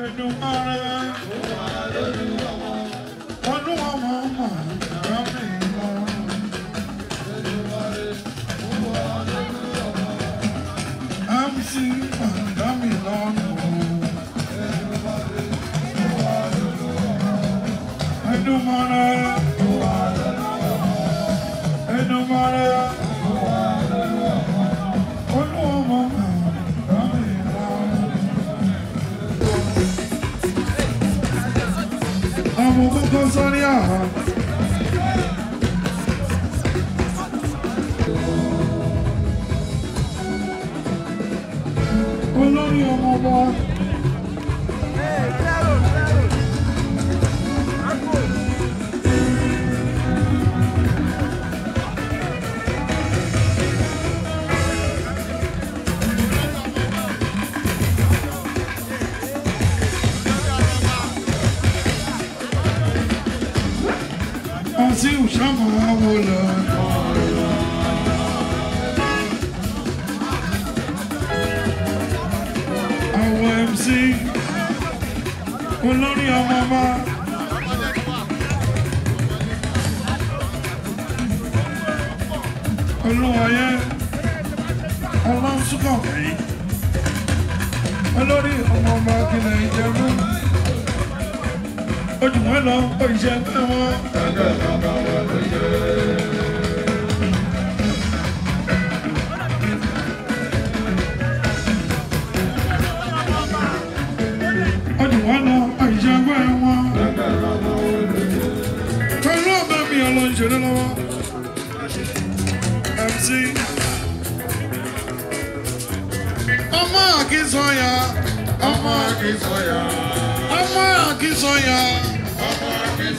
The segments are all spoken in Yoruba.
Èdùmàrè olúwa mọ̀ mọ̀ ìyá mi mọ̀. MC Màdá mi lọ́nà. Èdùmàrè. ọmọ kókó sọ́rí àhà. olórí ọmọ wa. tí òòṣà máa wò lọ. àwọn MC olórí ọmọ ọba. olúwayé ọlọ́sùnkàn olórí ọmọ ọba kìlẹ̀ Ìjẹ̀bú ojú wọn lọ òṣìṣẹ ẹgbẹ wọn. ẹgbẹ bàbá wọn ló ṣe. ojú wọn lọ òṣìṣẹ ẹgbẹ wọn. ẹgbẹ bàbá wọn ló ṣe. pẹ̀lú ọ̀bẹ mi ọ̀lọ́ ìṣòro lọ́wọ́ MC. ọmọ àkínsọ̀yà. ọmọ àkínsọ̀yà. ọmọ àkínsọ̀yà.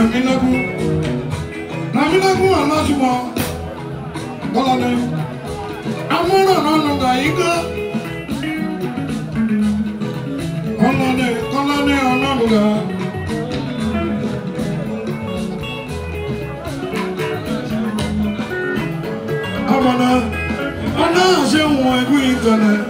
na minegu na minegu anasuma balane amuna nanu ga iga onane konane onabuga amana ana se won egu ikane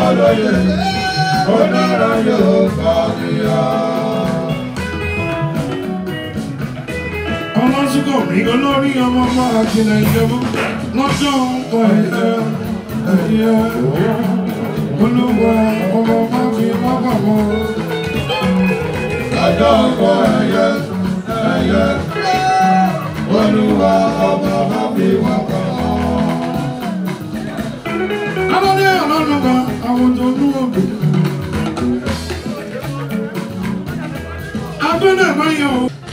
Oh olóyè onára yóò fàníyà. ọmọ sùkọ̀ mi olórí ọmọ ọmọ àtìlẹ̀ ìjọba lọ́jọ́ nǹkan ẹ̀yẹ ẹ̀yẹ olúwa ọmọ ọmọ mi mọ́kàn mọ́. lọ́jọ́ nǹkan ẹ̀yẹ ẹ̀yẹ olúwa. I'm gonna bring you.